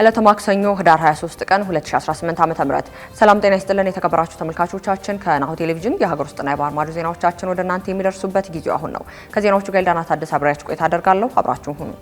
ዕለተ ማክሰኞ ህዳር 23 ቀን 2018 ዓ.ም። ሰላም ጤና ይስጥልን የተከበራችሁ ተመልካቾቻችን፣ ከናሁ ቴሌቪዥን የሀገር ውስጥና የባህር ማዶ ዜናዎቻችን ወደ እናንተ የሚደርሱበት ጊዜው አሁን ነው። ከዜናዎቹ ጋር ዳና ታደሰ አብሬያችሁ ቆይታ አደርጋለሁ። አብራችሁን ሁኑ።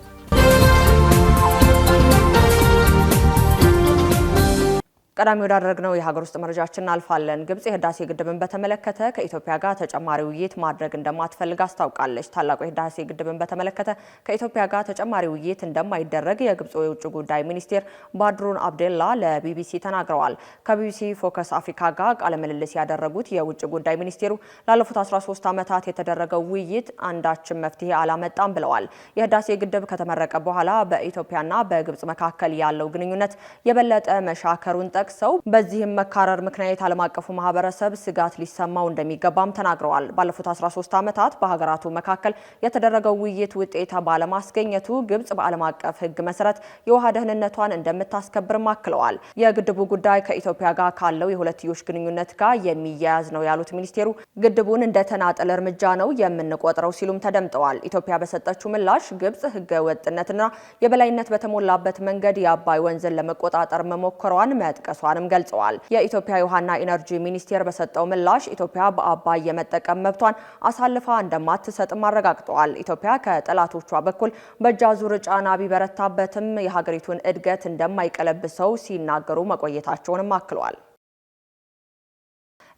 ቀዳሚ ወዳደረግነው የሀገር ውስጥ መረጃችን እናልፋለን። ግብጽ የህዳሴ ግድብን በተመለከተ ከኢትዮጵያ ጋር ተጨማሪ ውይይት ማድረግ እንደማትፈልግ አስታውቃለች። ታላቁ የህዳሴ ግድብን በተመለከተ ከኢትዮጵያ ጋር ተጨማሪ ውይይት እንደማይደረግ የግብጽ የውጭ ጉዳይ ሚኒስቴር ባድሩን አብዴላ ለቢቢሲ ተናግረዋል። ከቢቢሲ ፎከስ አፍሪካ ጋር ቃለ ምልልስ ያደረጉት የውጭ ጉዳይ ሚኒስቴሩ ላለፉት 13 ዓመታት የተደረገው ውይይት አንዳችን መፍትሄ አላመጣም ብለዋል። የህዳሴ ግድብ ከተመረቀ በኋላ በኢትዮጵያና በግብጽ መካከል ያለው ግንኙነት የበለጠ መሻከሩን ጠቅሰው በዚህም መካረር ምክንያት ዓለም አቀፉ ማህበረሰብ ስጋት ሊሰማው እንደሚገባም ተናግረዋል። ባለፉት 13 ዓመታት በሀገራቱ መካከል የተደረገው ውይይት ውጤት ባለማስገኘቱ ግብጽ በዓለም አቀፍ ሕግ መሰረት የውሃ ደህንነቷን እንደምታስከብር አክለዋል። የግድቡ ጉዳይ ከኢትዮጵያ ጋር ካለው የሁለትዮሽ ግንኙነት ጋር የሚያያዝ ነው ያሉት ሚኒስቴሩ ግድቡን እንደ ተናጠል እርምጃ ነው የምንቆጥረው ሲሉም ተደምጠዋል። ኢትዮጵያ በሰጠችው ምላሽ ግብጽ ህገ ወጥነትና የበላይነት በተሞላበት መንገድ የአባይ ወንዝን ለመቆጣጠር መሞከሯን መጥቀ መጠቀሷንም ገልጸዋል። የኢትዮጵያ ውሃና ኢነርጂ ሚኒስቴር በሰጠው ምላሽ ኢትዮጵያ በአባይ የመጠቀም መብቷን አሳልፋ እንደማትሰጥም አረጋግጠዋል። ኢትዮጵያ ከጠላቶቿ በኩል በእጃዙር ጫና ቢበረታበትም የሀገሪቱን እድገት እንደማይቀለብሰው ሲናገሩ መቆየታቸውንም አክለዋል።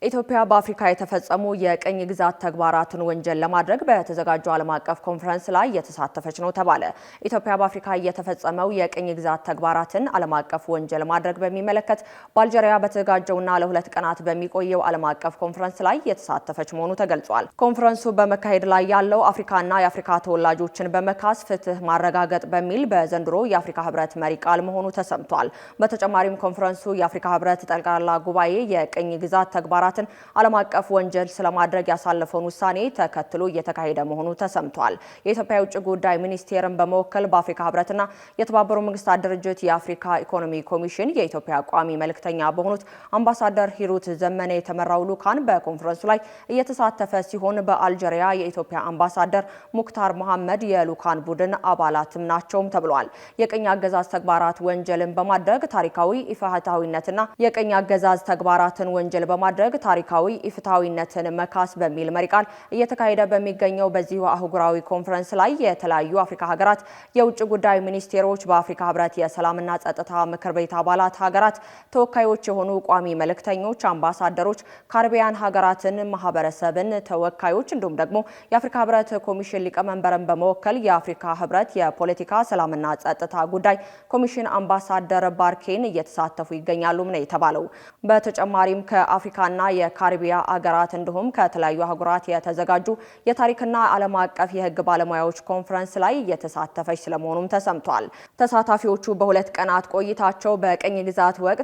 ኢትዮጵያ በአፍሪካ የተፈጸሙ የቅኝ ግዛት ተግባራትን ወንጀል ለማድረግ በተዘጋጀው ዓለም አቀፍ ኮንፈረንስ ላይ እየተሳተፈች ነው ተባለ። ኢትዮጵያ በአፍሪካ እየተፈጸመው የቅኝ ግዛት ተግባራትን ዓለም አቀፍ ወንጀል ማድረግ በሚመለከት በአልጀሪያ በተዘጋጀውና ለሁለት ቀናት በሚቆየው ዓለም አቀፍ ኮንፈረንስ ላይ እየተሳተፈች መሆኑ ተገልጿል። ኮንፈረንሱ በመካሄድ ላይ ያለው አፍሪካና የአፍሪካ ተወላጆችን በመካስ ፍትህ ማረጋገጥ በሚል በዘንድሮ የአፍሪካ ህብረት መሪ ቃል መሆኑ ተሰምቷል። በተጨማሪም ኮንፈረንሱ የአፍሪካ ህብረት ጠቅላላ ጉባኤ የቅኝ ግዛት ተግባራት ህጻናትን ዓለም አቀፍ ወንጀል ስለማድረግ ያሳለፈውን ውሳኔ ተከትሎ እየተካሄደ መሆኑ ተሰምቷል። የኢትዮጵያ የውጭ ጉዳይ ሚኒስቴርን በመወከል በአፍሪካ ህብረትና የተባበሩ መንግስታት ድርጅት የአፍሪካ ኢኮኖሚ ኮሚሽን የኢትዮጵያ ቋሚ መልእክተኛ በሆኑት አምባሳደር ሂሩት ዘመነ የተመራው ሉካን በኮንፈረንሱ ላይ እየተሳተፈ ሲሆን በአልጀሪያ የኢትዮጵያ አምባሳደር ሙክታር መሐመድ የሉካን ቡድን አባላትም ናቸውም ተብሏል። የቅኝ አገዛዝ ተግባራት ወንጀልን በማድረግ ታሪካዊ ኢፍትሐዊነትና የቅኝ አገዛዝ ተግባራትን ወንጀል በማድረግ ታሪካዊ ኢፍታዊነትን መካስ በሚል መሪ ቃል እየተካሄደ በሚገኘው በዚሁ አህጉራዊ ኮንፈረንስ ላይ የተለያዩ አፍሪካ ሀገራት የውጭ ጉዳይ ሚኒስቴሮች፣ በአፍሪካ ህብረት የሰላምና ጸጥታ ምክር ቤት አባላት ሀገራት ተወካዮች የሆኑ ቋሚ መልእክተኞች፣ አምባሳደሮች፣ ካርቢያን ሀገራትን ማህበረሰብን ተወካዮች እንዲሁም ደግሞ የአፍሪካ ህብረት ኮሚሽን ሊቀመንበርን በመወከል የአፍሪካ ህብረት የፖለቲካ ሰላምና ጸጥታ ጉዳይ ኮሚሽን አምባሳደር ባርኬን እየተሳተፉ ይገኛሉም ነው የተባለው። በተጨማሪም ከአፍሪካና የካሪቢያ አገራት እንዲሁም ከተለያዩ አህጉራት የተዘጋጁ የታሪክና ዓለም አቀፍ የህግ ባለሙያዎች ኮንፈረንስ ላይ የተሳተፈች ስለመሆኑም ተሰምቷል። ተሳታፊዎቹ በሁለት ቀናት ቆይታቸው በቅኝ ግዛት ወቅት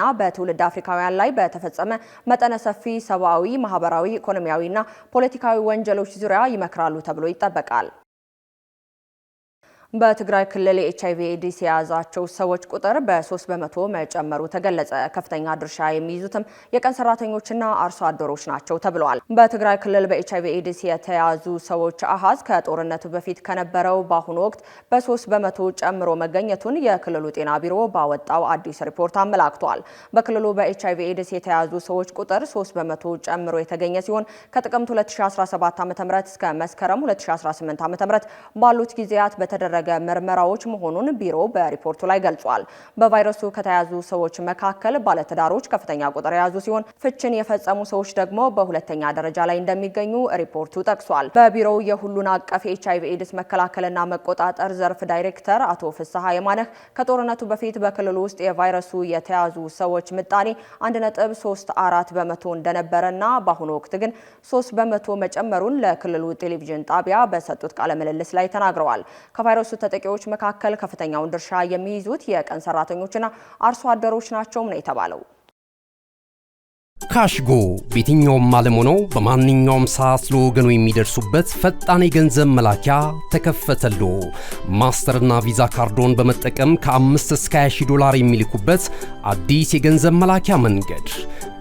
ና በትውልድ አፍሪካውያን ላይ በተፈጸመ መጠነ ሰፊ ሰብአዊ፣ ማህበራዊ፣ ና ፖለቲካዊ ወንጀሎች ዙሪያ ይመክራሉ ተብሎ ይጠበቃል። በትግራይ ክልል የኤች አይቪ ኤድስ የያዛቸው ሰዎች ቁጥር በ3 በመቶ መጨመሩ ተገለጸ። ከፍተኛ ድርሻ የሚይዙትም የቀን ሰራተኞችና አርሶ አደሮች ናቸው ተብለዋል። በትግራይ ክልል በኤች አይቪ ኤድስ የተያዙ ሰዎች አሃዝ ከጦርነቱ በፊት ከነበረው በአሁኑ ወቅት በሶስት በመቶ ጨምሮ መገኘቱን የክልሉ ጤና ቢሮ ባወጣው አዲስ ሪፖርት አመላክቷል። በክልሉ በኤች አይቪ ኤድስ የተያዙ ሰዎች ቁጥር 3 በመቶ ጨምሮ የተገኘ ሲሆን ከጥቅምት 2017 ዓ ም እስከ መስከረም 2018 ዓ ም ባሉት ጊዜያት በተደረገ ያደረገ ምርመራዎች መሆኑን ቢሮ በሪፖርቱ ላይ ገልጿል። በቫይረሱ ከተያዙ ሰዎች መካከል ባለትዳሮች ከፍተኛ ቁጥር የያዙ ሲሆን ፍችን የፈጸሙ ሰዎች ደግሞ በሁለተኛ ደረጃ ላይ እንደሚገኙ ሪፖርቱ ጠቅሷል። በቢሮው የሁሉን አቀፍ የኤች አይቪ ኤድስ መከላከልና መቆጣጠር ዘርፍ ዳይሬክተር አቶ ፍስሐ የማነህ ከጦርነቱ በፊት በክልሉ ውስጥ የቫይረሱ የተያዙ ሰዎች ምጣኔ 1.34 በመቶ እንደነበረና በአሁኑ ወቅት ግን ሶስት በመቶ መጨመሩን ለክልሉ ቴሌቪዥን ጣቢያ በሰጡት ቃለ ምልልስ ላይ ተናግረዋል። ከቫይረሱ ከቫይረሱ ተጠቂዎች መካከል ከፍተኛውን ድርሻ የሚይዙት የቀን ሰራተኞችና አርሶ አደሮች ናቸውም ነው የተባለው። ካሽጎ በየትኛውም ዓለም ሆነው በማንኛውም ሰዓት ለወገኑ የሚደርሱበት ፈጣን የገንዘብ መላኪያ ተከፈተሉ። ማስተርና ቪዛ ካርዶን በመጠቀም ከ5 እስከ 20 ዶላር የሚልኩበት አዲስ የገንዘብ መላኪያ መንገድ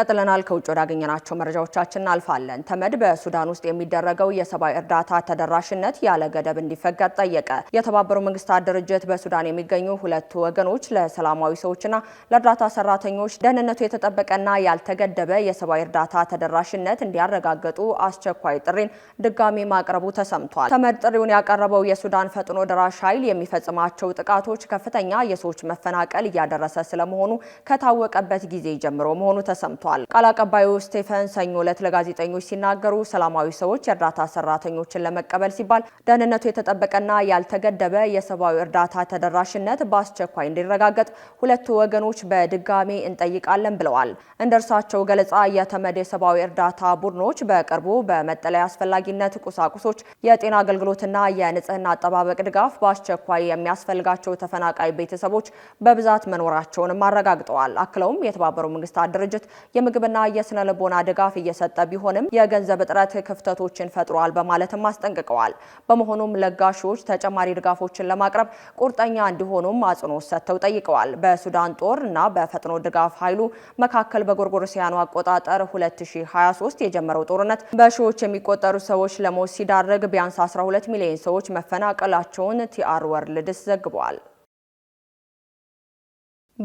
ቀጥለናል። ከውጭ ወዳገኘናቸው መረጃዎቻችን እናልፋለን። ተመድ በሱዳን ውስጥ የሚደረገው የሰብአዊ እርዳታ ተደራሽነት ያለ ገደብ እንዲፈቀድ ጠየቀ። የተባበሩ መንግስታት ድርጅት በሱዳን የሚገኙ ሁለቱ ወገኖች ለሰላማዊ ሰዎችና ለእርዳታ ሰራተኞች ደህንነቱ የተጠበቀና ያልተገደበ የሰብአዊ እርዳታ ተደራሽነት እንዲያረጋግጡ አስቸኳይ ጥሪን ድጋሚ ማቅረቡ ተሰምቷል። ተመድ ጥሪውን ያቀረበው የሱዳን ፈጥኖ ደራሽ ኃይል የሚፈጽማቸው ጥቃቶች ከፍተኛ የሰዎች መፈናቀል እያደረሰ ስለመሆኑ ከታወቀበት ጊዜ ጀምሮ መሆኑ ተሰምቷል። ሰጥቷል። ቃል አቀባዩ ስቴፈን ሰኞ ዕለት ለጋዜጠኞች ሲናገሩ ሰላማዊ ሰዎች የእርዳታ ሰራተኞችን ለመቀበል ሲባል ደህንነቱ የተጠበቀና ያልተገደበ የሰብአዊ እርዳታ ተደራሽነት በአስቸኳይ እንዲረጋገጥ ሁለቱ ወገኖች በድጋሜ እንጠይቃለን ብለዋል። እንደ እርሳቸው ገለጻ የተመድ የሰብአዊ እርዳታ ቡድኖች በቅርቡ በመጠለያ አስፈላጊነት ቁሳቁሶች፣ የጤና አገልግሎትና የንጽህና አጠባበቅ ድጋፍ በአስቸኳይ የሚያስፈልጋቸው ተፈናቃይ ቤተሰቦች በብዛት መኖራቸውንም አረጋግጠዋል። አክለውም የተባበሩ መንግስታት ድርጅት የምግብና የስነ ልቦና ድጋፍ እየሰጠ ቢሆንም የገንዘብ እጥረት ክፍተቶችን ፈጥሯል በማለትም አስጠንቅቀዋል። በመሆኑም ለጋሾች ተጨማሪ ድጋፎችን ለማቅረብ ቁርጠኛ እንዲሆኑም አጽንኦት ሰጥተው ጠይቀዋል። በሱዳን ጦር እና በፈጥኖ ድጋፍ ኃይሉ መካከል በጎርጎርሲያኑ አቆጣጠር 2023 የጀመረው ጦርነት በሺዎች የሚቆጠሩ ሰዎች ለሞት ሲዳርግ ቢያንስ 12 ሚሊዮን ሰዎች መፈናቀላቸውን ቲአር ወርልድስ ዘግቧል።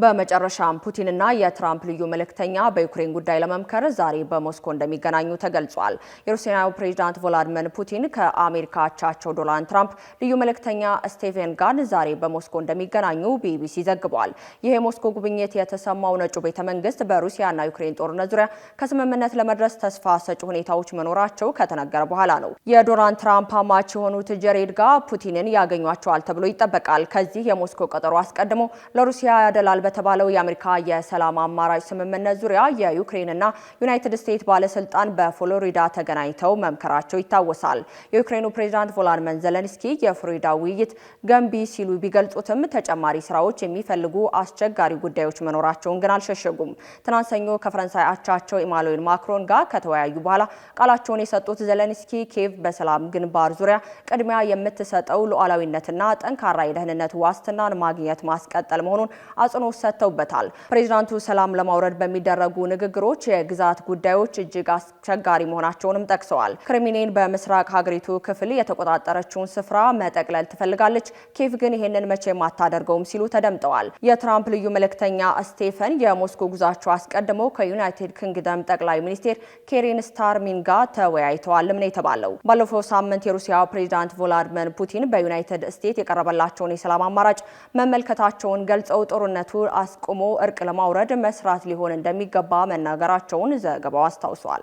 በመጨረሻም ፑቲንና የትራምፕ ልዩ መልእክተኛ በዩክሬን ጉዳይ ለመምከር ዛሬ በሞስኮ እንደሚገናኙ ተገልጿል። የሩሲያው ፕሬዚዳንት ቮላድሚር ፑቲን ከአሜሪካ አቻቸው ዶናልድ ትራምፕ ልዩ መልእክተኛ ስቴቨን ጋን ዛሬ በሞስኮ እንደሚገናኙ ቢቢሲ ዘግቧል። ይህ የሞስኮ ጉብኝት የተሰማው ነጩ ቤተ መንግስት በሩሲያና ዩክሬን ጦርነት ዙሪያ ከስምምነት ለመድረስ ተስፋ ሰጪ ሁኔታዎች መኖራቸው ከተነገረ በኋላ ነው። የዶናልድ ትራምፕ አማች የሆኑት ጀሬድ ጋ ፑቲንን ያገኟቸዋል ተብሎ ይጠበቃል። ከዚህ የሞስኮ ቀጠሮ አስቀድሞ ለሩሲያ ያደላል ይሆናል በተባለው የአሜሪካ የሰላም አማራጭ ስምምነት ዙሪያ የዩክሬንና ዩናይትድ ስቴትስ ባለስልጣን በፍሎሪዳ ተገናኝተው መምከራቸው ይታወሳል። የዩክሬኑ ፕሬዚዳንት ቮሎድሚር ዘለንስኪ የፍሎሪዳ ውይይት ገንቢ ሲሉ ቢገልጹትም ተጨማሪ ስራዎች የሚፈልጉ አስቸጋሪ ጉዳዮች መኖራቸውን ግን አልሸሸጉም። ትናንት ሰኞ ከፈረንሳይ አቻቸው ኢማኑኤል ማክሮን ጋር ከተወያዩ በኋላ ቃላቸውን የሰጡት ዘለንስኪ ኬቭ በሰላም ግንባር ዙሪያ ቅድሚያ የምትሰጠው ሉዓላዊነትና ጠንካራ የደህንነት ዋስትናን ማግኘት ማስቀጠል መሆኑን አጽኖ ሰጥተውበታል። ፕሬዚዳንቱ ሰላም ለማውረድ በሚደረጉ ንግግሮች የግዛት ጉዳዮች እጅግ አስቸጋሪ መሆናቸውንም ጠቅሰዋል። ክሪሚኔን በምስራቅ ሀገሪቱ ክፍል የተቆጣጠረችውን ስፍራ መጠቅለል ትፈልጋለች፣ ኬቭ ግን ይህንን መቼም አታደርገውም ሲሉ ተደምጠዋል። የትራምፕ ልዩ መልእክተኛ ስቴፈን የሞስኮ ጉዟቸው አስቀድሞ ከዩናይትድ ኪንግደም ጠቅላይ ሚኒስቴር ኬሪን ስታርሚን ጋር ተወያይተዋልም ነው የተባለው። ባለፈው ሳምንት የሩሲያ ፕሬዚዳንት ቮላድሚር ፑቲን በዩናይትድ ስቴትስ የቀረበላቸውን የሰላም አማራጭ መመልከታቸውን ገልጸው ጦርነቱ ግጭቱን አስቆሞ እርቅ ለማውረድ መስራት ሊሆን እንደሚገባ መናገራቸውን ዘገባው አስታውሷል።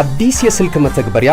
አዲስ የስልክ መተግበሪያ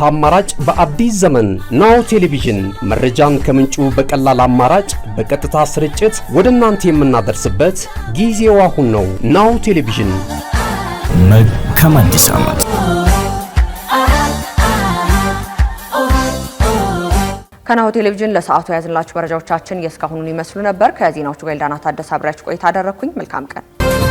አማራጭ በአዲስ ዘመን ናሁ ቴሌቪዥን መረጃን ከምንጩ በቀላል አማራጭ በቀጥታ ስርጭት ወደ እናንተ የምናደርስበት ጊዜው አሁን ነው። ናሁ ቴሌቪዥን መልካም አዲስ ዓመት። ከናሁ ቴሌቪዥን ለሰዓቱ የያዝንላችሁ መረጃዎቻችን የእስካሁኑን ይመስሉ ነበር። ከዜናዎቹ ጋር ኤልዳና ታደሰ ቆይታ አደረግኩኝ። መልካም ቀን